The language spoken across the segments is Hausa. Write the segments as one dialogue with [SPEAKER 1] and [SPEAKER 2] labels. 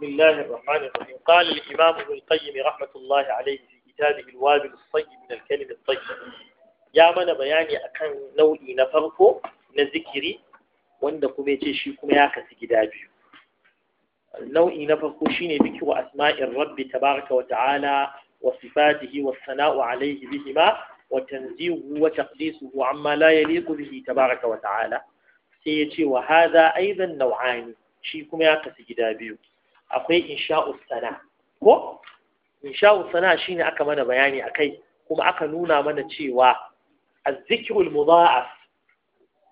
[SPEAKER 1] بسم الله الرحمن الرحيم قال الإمام ابن القيم رحمة الله عليه في كتابه الوابل الصيب من الكلم الطيب يا من بياني أكن نوعي نفرقه نذكري wanda kuma yace shi kuma ya kasu gida biyu nau'i na farko shine wa asma'ir rabbi tabaraka wa ta'ala wa sifatihi wa sana'u alayhi bihima wa tanzihu wa taqdisuhu amma la yaliqu bihi tabaraka wa ta'ala sai yace wa hadha aidan naw'ani shi kuma ya kasu gida biyu akwai insha'u sana ko insha'u sana shine aka mana bayani a kai kuma aka nuna mana cewa a zikrul muza'af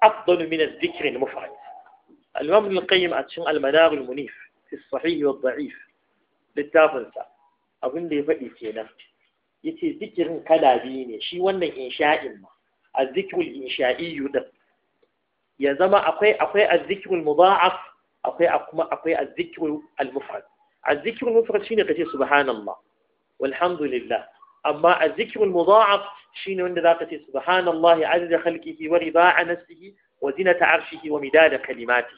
[SPEAKER 1] afdalu min zikirin zikr al-mufrad a cikin al-manar al-munif fi daif littafin sa abin da ya faɗi kenan yace zikirin kala biyu ne shi wannan insha'in ma az-zikrul insha'iyyu ɗin ya zama akwai akwai az-zikrul mudha'af akwai kuma akwai azzikru al-mufrad azzikru mufrad shine kace subhanallah walhamdulillah amma azzikru al-mudha'af shine wanda zaka ce subhanallahi adada khalqihi wa rida'a nafsihi wa zinata arshihi wa midada kalimati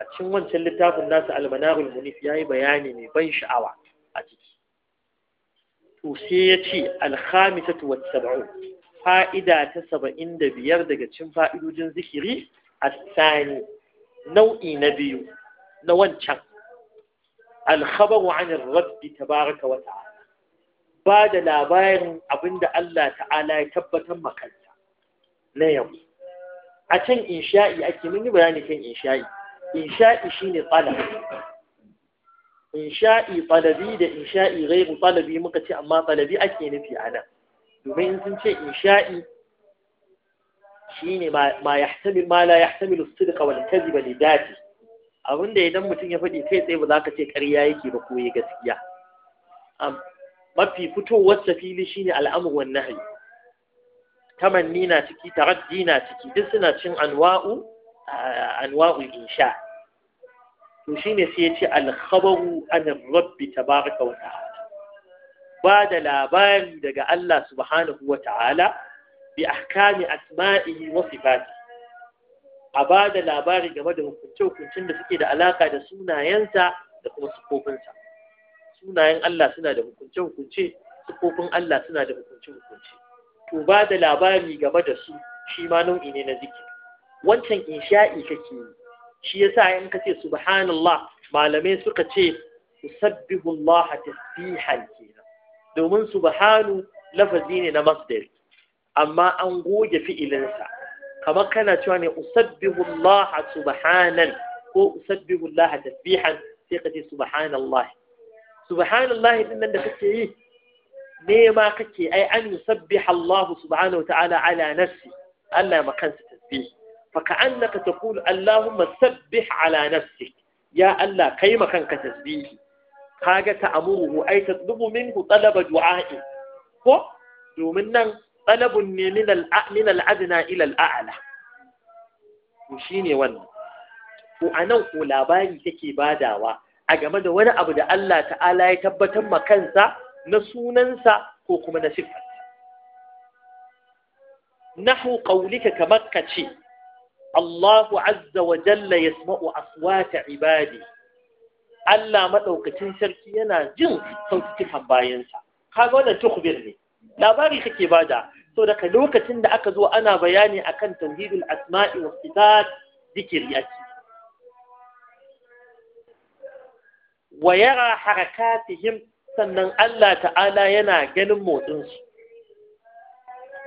[SPEAKER 1] a cikin wancan littafin nasu almanarul munif yayi bayani mai ban sha'awa a ciki to sai ya ce alhamisatu wa sab'un fa'ida ta saba'in da biyar daga cikin fa'idojin zikiri asani nau'i na biyu na wancan alkhabaru anir rabbi tabaraka wa ta'ala ba da labarin abinda Allah ta'ala ya tabbatar makanta na yau a can insha'i ake mun yi bayani kan insha'i insha'i shine talab insha'i talabi da insha'i ghairu talabi muka ce amma talabi ake nufi a nan domin sun ce insha'i shine ma yahtami ma la yahtamilu as-sidqa wal kadhiba li dati abinda idan mutum ya faɗi kai tsaye ba za ka ce ƙarya yake ba ko ya gaskiya mafi fitowar fili shine al'amur wan nahyi tamanni na ciki taraddi na ciki duk suna cin anwa'u ah, anwa'u insha to shine sai ya ce al-khabaru an rabbi tabaraka wa ta'ala ba da labari daga Allah subhanahu wa ta'ala bi ahkami asma'ihi wa sifati a ba labari game da hukunce-hukuncen da suke da alaka da sunayensa da kuma sukofinsa sunayen Allah suna da hukunce-hukunce sukofin Allah suna da hukunce-hukunce to ba da labari game da su shi ma nau'i ne na zikiri wancan insha'i kake yi shi yasa in ka ce subhanallah malamai suka ce usabbihu Allah tasbihan kenan domin subhanu lafazi ne na masdari amma an goge fi'ilinsa Kama kana cewa ne usabbihu Allah subhanan ko usabbihu Allah tasbihan sai ka ce subhanallah subhanallah din nan da kake yi Nema ma kake ai an yusabbiha Allah subhanahu ta'ala ala nafsi Allah ma kansa tasbih fa ka'annaka taqulu Allahumma sabbih ala nafsik ya Allah kai ma kanka tasbihi kaga ta'amuruhu ai tatlubu minhu talaba du'a'i ko domin nan talabun ne min al'adina ila al'a'ala shi ne wannan to nan ko labari take badawa a game da wani abu da Allah ta'ala ya tabbatar ma kansa na sunansa ko kuma na siffar nahu qaulika kamar ka ce Allahu azza wa jalla yasma'u aswata ibadi Allah Maɗaukacin sarki yana jin sautukan bayansa kaga wannan tukbir ne labari kake bada so daga lokacin da aka zo ana bayani akan tauhidul asma'i wa sifat zikiri yake wa yara harakatihim sannan Allah ta'ala yana ganin motsin su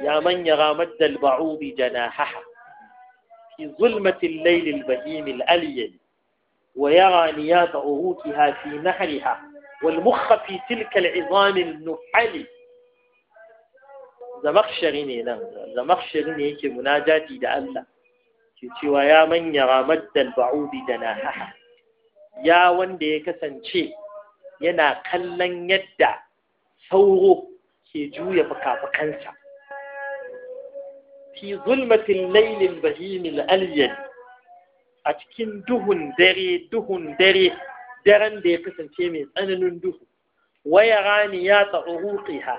[SPEAKER 1] ya man yara maddal ba'udi janahaha fi zulmatil laylil bahimil aliyyi ويرى نياب عروقها في نحرها والمخ fi tilka العظام النحل zamakshari ne nan zamakshari ne yake munajati da Allah ke cewa ya manya ramaddal ba'udi da na ya wanda ya kasance yana kallon yadda sauro ke juya fuka-fukansa fi zulmatin lailin bahimil aliyar a cikin duhun dare duhun dare daren da ya kasance mai tsananin duhu waya rani ya tsaro ruƙiha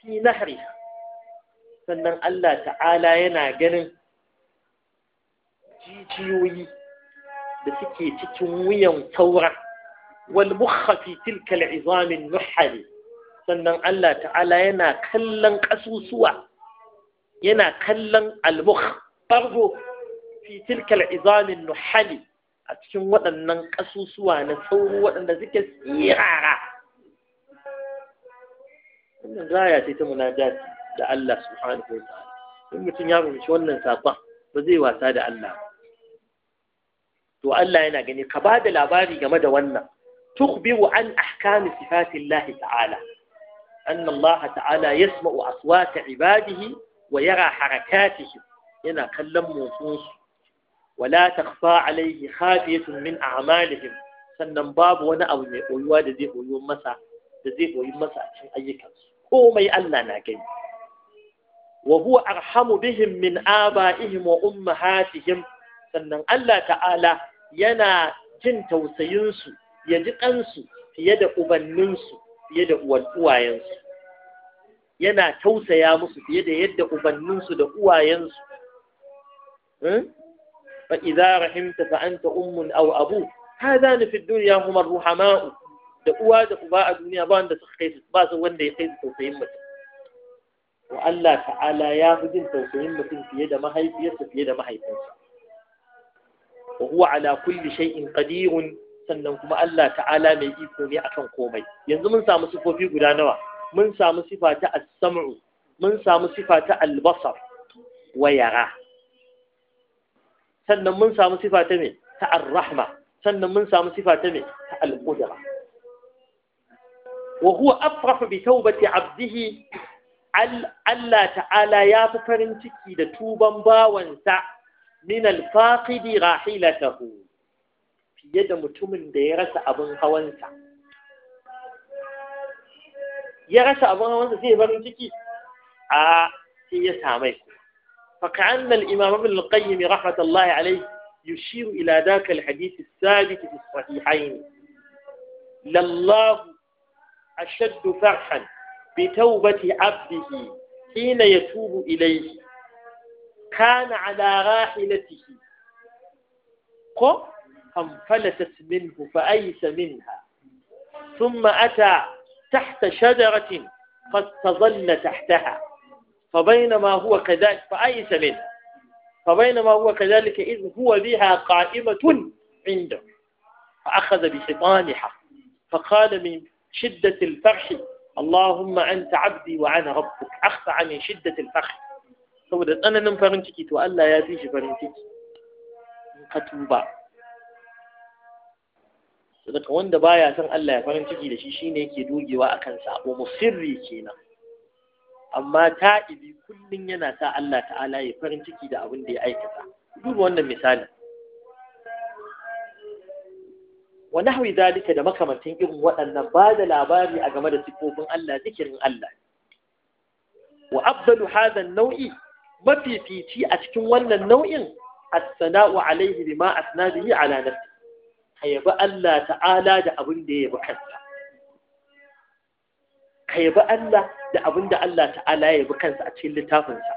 [SPEAKER 1] fi nahriha sannan Allah ta'ala yana ganin jijiyoyi da suke cikin wuyan taura wal mukha fi tilka al'izam an sannan Allah ta'ala yana kallon kasusuwa yana kallon al-mukh fi tilka al'izam an a cikin waɗannan kasusuwa na sauro waɗanda suke tsirara wannan gaya ce ta munajati da Allah subhanahu wa ta'ala in mutum ya rubuci wannan saƙon ba zai wasa da Allah to Allah yana gani ka ba da labari game da wannan tukhbiru an ahkami sifatillahi ta'ala Annallaha Allah ta'ala yasma'u aswata ibadihi wa yara harakatihi yana kallon motsinsu ولا تخفى عليه خافية من أعمالهم سنن باب وانا أو يوادي ذي أو يوم مسا ذي أو يوم مسا أي كمس هو ما يألنا ناكي wa huwa arhamu bihim min aba'ihim wa ummahatihim sannan Allah ta'ala yana jin tausayin su ya ji kansu fiye da ubannin su fiye da uwayen su yana tausaya musu fiye da yadda ubannin su da uwayen su hmm? fa idza rahimta fa anta ummun aw abu hadan fi dunya huma ruhama'u da uwa da uba a duniya ba wanda suka kai su ba su wanda ya kai su tausayin mutum to Allah ta'ala ya fi jin tausayin mutum fiye da mahaifiyarsa fiye da mahaifinsa wa huwa ala kulli shay'in qadirun sannan kuma Allah ta'ala mai iko ne akan komai yanzu mun samu sifofi guda nawa mun samu sifa ta as-sam'u mun samu sifa ta al-basar wa yara sannan mun samu sifa ta me ta ar-rahma sannan mun samu sifa ta me ta al-qudra wa huwa afrahu bi tawbati 'abdihi Allah ta'ala ya fi farin ciki da tuban bawansa min alfaqidi rahilatahu fiye da mutumin da ya rasa abin hawansa ya rasa abin hawansa sai farin ciki a sai ya samai fa ka'anna al-imam ibn al-qayyim rahmatullahi alayhi yushiru ila dhaka al-hadith as fi as lallahu ashaddu farhan بتوبة عبده حين يتوب إليه كان على راحلته قم فانفلتت منه فأيس منها ثم أتى تحت شجرة فاستظل تحتها فبينما هو كذلك فأيس منها فبينما هو كذلك إذ هو بها قائمة عنده فأخذ بحيطانها فقال من شدة الفرح Allahumma anta abdi wa ana rabbuk akhfa ani shiddatil fakhr saboda tsananin farin ciki to Allah ya fi farin ciki in ka tuba wanda baya son Allah ya farin ciki da shi shine yake dogewa akan sabo musirri kenan amma ta'ibi kullum yana sa Allah ta'ala ya farin ciki da abin da ya aikata duba wannan misali wa nahwi zalika da makamantin irin waɗannan ba da labari a game da sifofin Allah zikirin Allah wa afdalu hadha mafi mafifici a cikin wannan nau'in as-sana'u alayhi bima asna bihi ala nafsi kayabi Allah ta'ala da abin da ya yabi kansa kayabi Allah da abin da Allah ta'ala ya yabi kansa a cikin littafinsa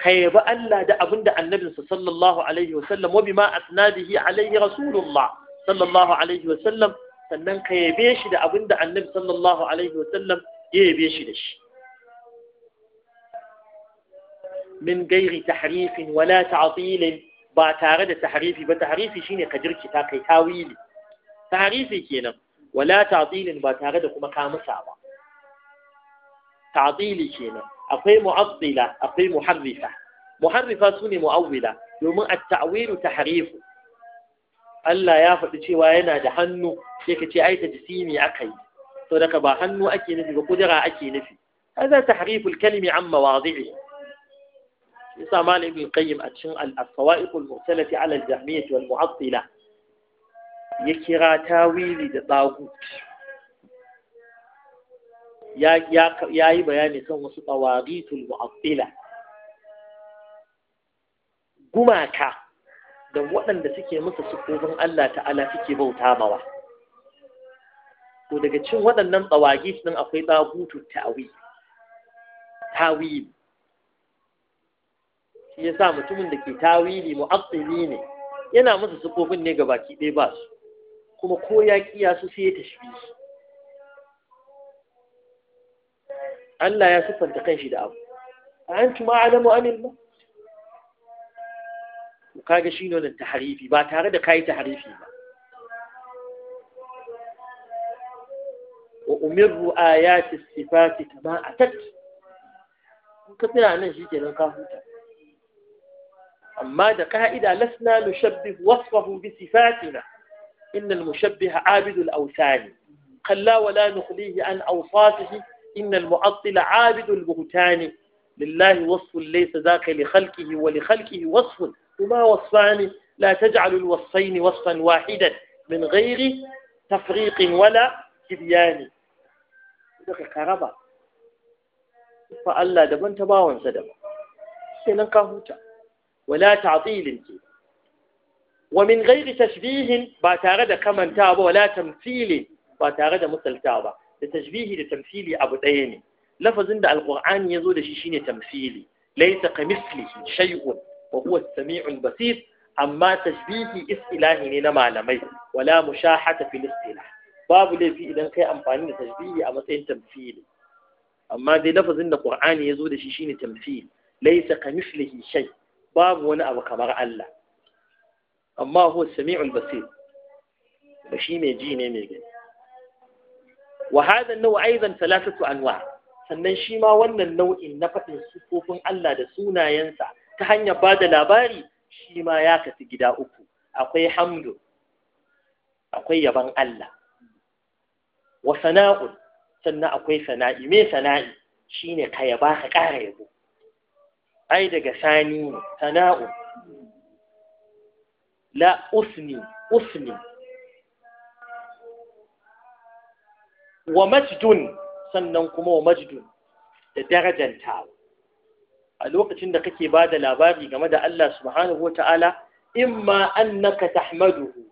[SPEAKER 1] ka yabi Allah da abin da annabinsa sallallahu alaihi wasallam wa bima asnadihi Alayhi rasulullah sallallahu alaihi wa sallam sannan ka yabe shi da abin da annabi sallallahu alaihi wa sallam ya yabe shi da shi min gairi tahrifin wala ta'tilin ba tare da tahrifi ba tahrifi shine ka jirkita kai tawili tahrifi kenan wala ta'tilin ba tare da kuma kamusa ba ta'tili kenan akwai mu'attila akwai muharrifa muharrifa sune mu'awwila domin at-ta'wilu tahrifu Allah ya faɗi cewa yana da hannu sai ka ce ai ta ne aka yi to daga ba hannu ake nufi ba kudura ake nufi hadha tahriful kalimi an mawadhi'i yasa malam ibn qayyim a cikin al-fawaid al-mu'talati ala al-jahmiyyah wal mu'attila ya kira tawili da tsagut ya yi bayani kan wasu tawaritul mu'attila gumaka da waɗanda suke musu sukobin Allah ta'ala suke bauta mawa to daga cin waɗannan tsawagi din akwai tsagutu tawi tawi shi sa mutumin da ke tawili mu'aqqili ne yana musu sukobin ne gabaki ɗaya ba su kuma ko ya kiya su sai ya tashbi Allah ya kan kanshi da abu a antum a'lamu anil ba وكاغا شينو للتحريفي با كاي تحريفي وأمر آيات الصفات كما أتت كثير عن جيجي للقاهوتا أما دقها إذا لسنا نشبه وصفه بصفاتنا إن المشبه عابد الأوثان قل لا ولا نخليه عن أوصافه إن المعطل عابد البهتان lillahi wasfun laysa zaka li wa li khalqihi kuma wasfani la taj'alu al-wasfayn wasfan wahidan min gairi tafriqin wala tibyani daga karaba fa Allah daban ta bawansa daban sai nan ka huta wala ta'tilin ke wa min ghairi tashbihin ba tare da kamanta ba wala tamthili ba tare da misalta da tashbihi da abu ɗaya ne lafazin da alqur'ani yazo da shi shine tamsili laysa kamislihi shay'un wa huwa as-sami'ul basir amma tashbihi istilahi ne na malamai wala mushahata fil istilah babu laifi idan kai amfani da tashbihi a matsayin tamsili amma dai lafazin da qur'ani yazo da shi shine tamsili laysa kamislihi shay babu wani abu kamar Allah amma huwa as-sami'ul basir ba shi mai ji ne mai gani وهذا النوع أيضا ثلاثة أنواع sannan shi ma wannan nau'in na faɗin sufofin Allah da sunayensa ta hanyar ba da labari shi ma ya kasu gida uku akwai hamdu akwai yaban Allah wa sana'un sannan akwai sana'i me sana'i Shi ne ka yaba ka ƙara yabo ai daga sani sana'u la usni usni wa majdun sannan kuma wa majdun da darajantawa a lokacin da kake ba da labari game da Allah subhanahu wa ta'ala ma annaka tahmaduhu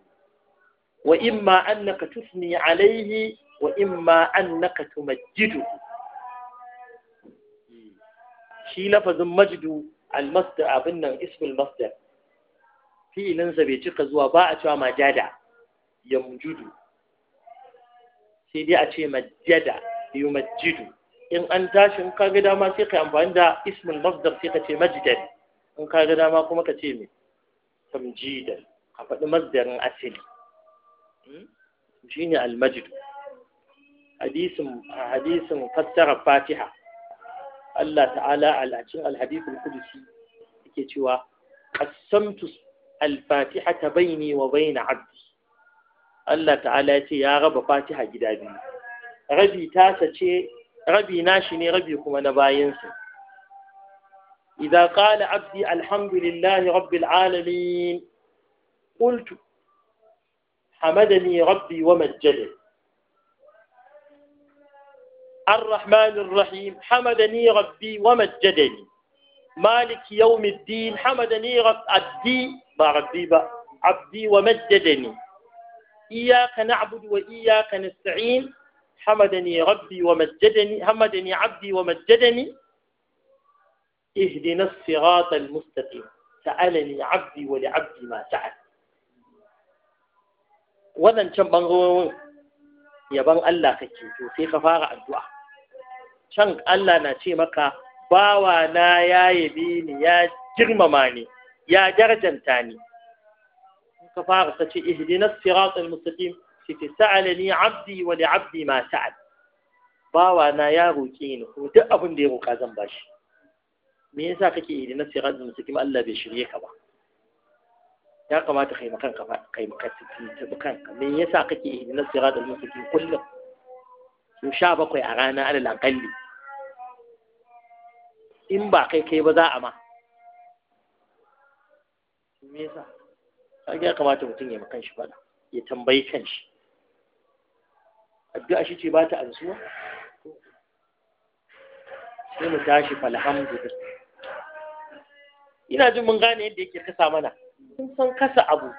[SPEAKER 1] wa ma annaka tusni alaihi wa ma annaka tumajjiduhu shi lafazin majdu almasdar abin nan ismul masdar fi'ilinsa bai cika zuwa ba a cewa majada ya mujudu sai dai a ce majada yumajjidu in an tashi in kaga dama sai kai amfani da ismul masdar sai ka ce majdan in kaga dama kuma ka ce me tamjidan ka faɗi masdarin asali hmm? shine al majid hadisin hadisin fassara fatiha Allah ta'ala al'acin al-hadithul qudsi yake cewa qassamtu al-fatihata baini wa baina 'abdi Allah ta'ala ya ce ya raba fatiha gida biyu rabi tasa ce rabi nashi ne rabi kuma na bayansa إذا قال عبدي الحمد لله رب العالمين قلت حمدني ربي ومجده الرحمن الرحيم حمدني ربي ومجدني مالك يوم الدين حمدني رب عبدي بربي عبدي ومجدني إياك نعبد وإياك نستعين حمدني ربي ومجدني حمدني عبدي ومجدني اهدنا الصراط المستقيم سألني عبدي ولعبدي ما سأل waɗancan ɓangarorin yaban Allah kake to sai ka fara addu'a can Allah na ce maka bawa na ya yabe ni ya girmama ni ya darjanta ni ka fara ka ce ihdinas siratal mustaqim ce sa'alani abdi wa li abdi ma sa'al bawa na ya roke ni ko duk abin da ya roƙa zan ba shi. me yasa kake yi na idina siratul mustaqim Allah bai shirye ka ba ya kamata kai makan ka kai makan ta makan kanka. me yasa kake yi na idina siratul mustaqim kullum su sha bakwai a rana alal akalli in ba kai kai ba za a ma me yasa ya kamata mutum ya makan shi fada ya tambayi kan shi addu'a shi ce ba ta ansuwa sai mu tashi falhamdulillah ina jin mun gane yadda yake kasa mana kun san kasa abu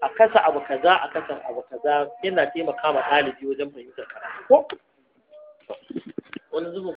[SPEAKER 1] a kasa abu kaza a kasa abu kaza yana taimaka ma ɗalibi wajen fahimtar karatu ko wani zubin